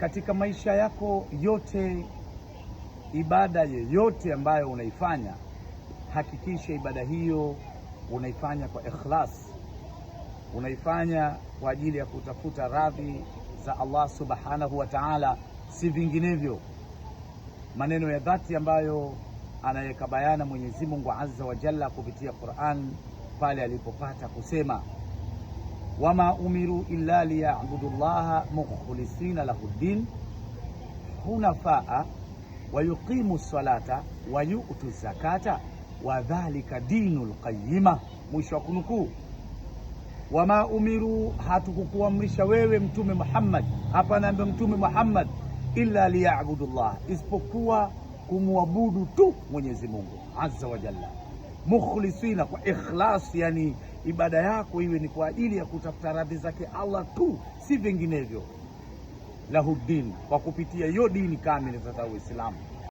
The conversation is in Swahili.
Katika maisha yako yote, ibada yoyote ambayo unaifanya, hakikisha ibada hiyo unaifanya kwa ikhlas, unaifanya kwa ajili ya kutafuta radhi za Allah subhanahu wa ta'ala, si vinginevyo. Maneno ya dhati ambayo anayeka bayana Mwenyezi Mungu azza wa jalla kupitia Qur'an pale alipopata kusema wama umiru illa liyabudu llaha mukhlisina lahu ddin hunafaa wayuqimu salata wayutu zakata wadhalika dinu lqayima. Mwisho wa kunukuu. Wama umiru, hatukukuamrisha wewe Mtume Muhammad, hapa naambia Mtume Muhammad, illa liyabudu llah, isipokuwa kumwabudu tu Mwenyezi Mungu azza wa jalla, mukhlisina kwa ikhlas, yani ibada yako iwe ni kwa ajili ya kutafuta radhi zake Allah tu, si vinginevyo. Lahu din, kwa kupitia hiyo dini kamili, sasa Uislamu.